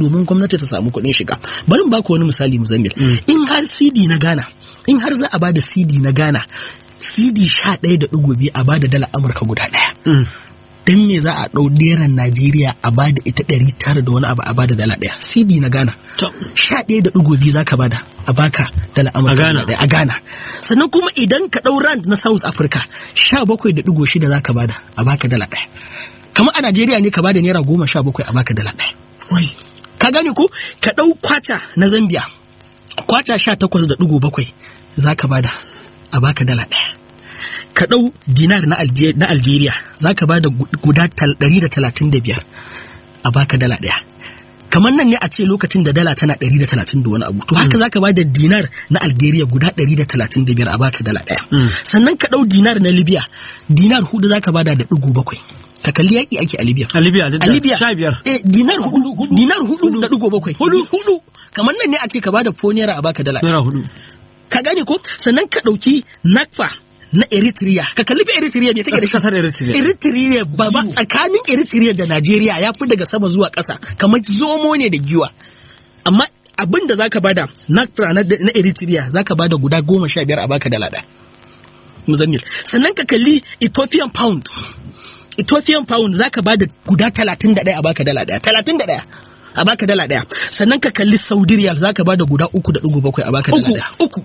domin gwamnati ta samu kuɗin shiga bari baku wani misali muzammil mm. in har cd na ghana in har za a bada cd na ghana cd sha ɗaya da ɗigo biyu a bada dala amurka guda ɗaya mm. dan me za a ɗau deran najeriya a bada ita ɗari tara da wani abu a bada dala ɗaya cd na ghana sha ɗaya da ɗigo biyu za ka bada a baka dala amurka a ghana sannan kuma idan ka ɗau rand na south africa sha bakwai da ɗigo shida za ka bada a baka dala ɗaya kamar a najeriya ne ka bada naira goma sha bakwai a baka dala ɗaya ka gane ko ka ɗau kwacha na zambia kwacha sha takwas da ɗigo bakwai za ka bada a baka dala ɗaya ka ɗau dinar na algeria za ka bada guda ɗari da talatin da biyar a baka dala ɗaya kamar nan ne a ce lokacin da dala tana 130 da wani abu to haka mm. zaka ka bada dinar na Algeria guda 135 a baka dala daya mm. sannan ka dau dinar na Libya dinar hudu zaka bada da digo bakwai ka kalli yaƙi ake a Libya. A Libya da Libya. Sha biyar. Eh dinar hudu. Dinar hudu da ɗigo bakwai. Hudu. Hudu. Kamar nan ne a ce ka bada fo naira a baka dala. Naira hudu. Ka gane ko sannan ka ɗauki nakfa na Eritrea ka kalli Eritrea ne take da shi. kasar Eritrea Eritrea ba ba tsakanin Eritrea da Najeriya ya fi daga sama zuwa ƙasa kamar zomo ne da giwa amma abin da zaka bada nakfa na Eritrea zaka bada guda goma sha biyar a baka dala da. Muzammil sannan ka kalli Ethiopian pound Ethiopian pound zaka ba da guda 31 a baka dala daya 31 a baka dala daya sannan ka kalli Saudi riyal zaka uku da guda 3.7 a baka dala daya uku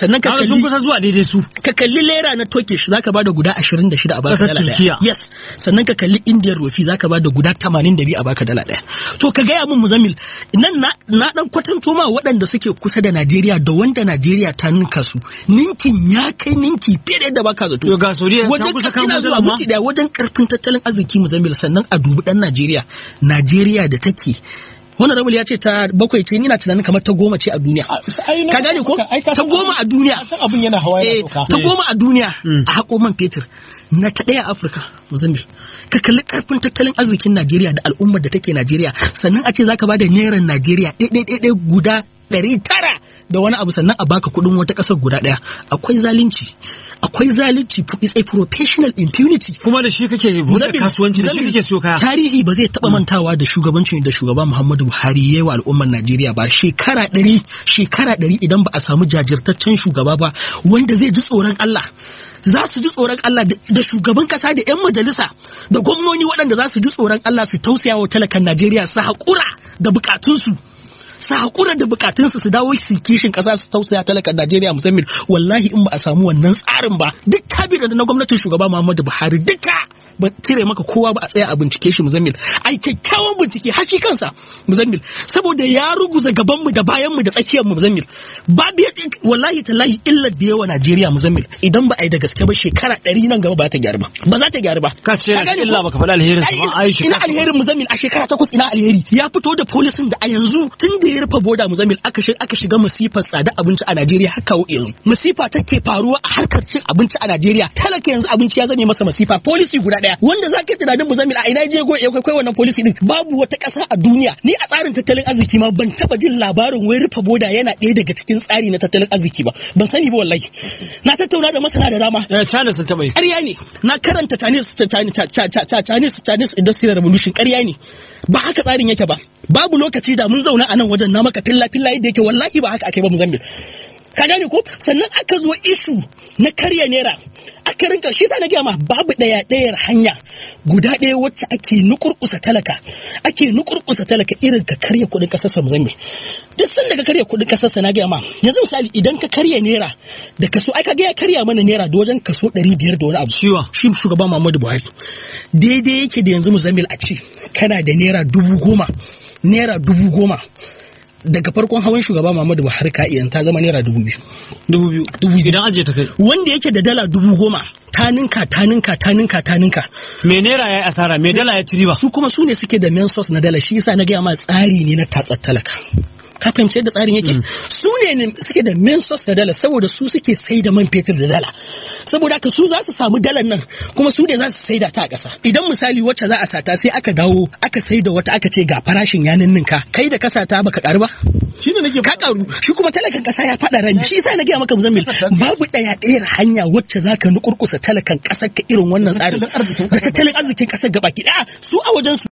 sannan ka kalli sun kusa zuwa daidai su ka kalli lera na shi zaka bada guda 26 a baka dala daya yes sannan ka kalli indian rofi zaka bada guda 82 a baka dala daya to ka gaya mun muzamil nan na, na dan kwatanto ma waɗanda suke kusa da najeriya da wanda najeriya ta ninka su ninkin ya kai ninki fiye da baka zato to ga saudiya ta kusa kan zuwa muti daya wajen karfin tattalin arziki muzamil sannan a dubi dan najeriya najeriya da take wannan rabul ya ce ta bakwai ce ina tunanin kamar ta goma ce a duniya ka gane ko eh, ta goma a duniya san abin yana hawa ya ta goma a duniya a hako man fetur na ta daya afirka mozambique ka kalli karfin tattalin arzikin najeriya da al'ummar da take najeriya sannan a ce zaka bada naira najeriya ɗaya guda ɗari tara da wani abu sannan a baka kuɗin wata kasar guda ɗaya akwai zalunci akwai zalunci is a professional impunity kuma da shi kake buɗe kasuwanci da shi kake siyo kaya tarihi ba zai taɓa mm. mantawa da shugabancin da shugaba Muhammadu Buhari yayi wa al'ummar Najeriya ba shekara ɗari shekara ɗari idan ba a samu jajirtaccen shugaba ba wanda zai ji tsoron Allah za su ji tsoron Allah da shugaban kasa da 'yan majalisa da gwamnoni waɗanda za su ji tsoron Allah su tausaya wa talakan Najeriya su haƙura da bukatunsu. su hakura da bukatun su dawo su kishin kasa su tausaya talakan Najeriya musamman wallahi in ba a samu wannan tsarin ba duk kabinet na gwamnatin shugaba Muhammadu Buhari duka ba cire maka kowa ba a tsaya a bincike shi muzammil ai kyakkyawan bincike haki kansa muzammil saboda ya ruguza gaban mu da bayan mu da tsakiyar mu muzammil babu wallahi tallahi illar da yawa Najeriya muzammil idan ba a yi da gaske ba shekara ɗari nan gaba ba ta gyaru ba ba za ta gyaru ba ka ce illa baka faɗi alherin sa ba ai ina alherin muzammil a shekara takwas ina alheri ya fito da polisin da a yanzu tun da ya rufe boda muzammil aka aka shiga masifar tsada abinci a Najeriya haka yanzu masifa take faruwa a harkar cin abinci a Najeriya talaka yanzu abinci ya zame masa masifa policy guda daya wanda zaka tunanin muzammil a ina je go ya kai wannan policy din babu wata ƙasa a duniya ni a tsarin tattalin arziki ma ban taba jin labarin wai rufe boda yana ɗaya daga cikin tsari na tattalin arziki ba ban sani ba wallahi na tattauna da masana da dama eh Charles taba yi ƙarya ne na karanta Chinese Chinese Chinese Industrial Revolution ƙarya ne ba haka tsarin yake ba babu lokaci da mun zauna a nan wajen na maka filla filla yadda yake wallahi ba haka ake ba Mozambique ka gane ko sannan aka zo isu na karya nera. aka rinka shi sa na gaya babu ɗaya ɗayar hanya guda ɗaya wacce ake nukurkusa talaka ake nukurkusa talaka irin ka karya kuɗin ƙasar sa duk san daga ka karya kuɗin ƙasar sa na gaya ma yanzu misali idan ka karya nera da kaso ai ka ga ya karya mana nera da wajen kaso 500 biyar da wani abu shiwa shi shugaban Muhammadu Buhari daidai yake da yanzu Mozambique a ci. kana da nera dubu goma naira dubu goma daga farkon hawan shugaba Muhammadu Buhari ka iya ta zama naira dubu biyu. Dubu biyu. Dubu biyu. Idan ajiye ta kai. Wanda yake da dala dubu goma ta ninka ta ninka ta ninka ta ninka. Me naira ya yi asara me dala ya ci riba. Su kuma su ne suke da mensos na dala shi yasa na gaya ma tsari ne na tatsar talaka. ka fahimci yadda tsarin yake hmm. su ne suke da mensos da dala saboda su suke sai da man fetur da dala saboda ka su za su samu dalar nan kuma su ne za su sai da ta a ƙasa idan misali wacce za a sata sai aka dawo aka sai da wata aka ce ga farashin yanin ninka kai da ka sata baka karu ba shi ne nake ka karu shi kuma talakan ƙasa ya faɗa rani shi sai na gaya maka muzammil babu ɗaya ɗayar hanya wacce za ka nukurkusa talakan ƙasar ka irin wannan tsarin da tattalin arzikin ƙasar gaba ki su a wajen su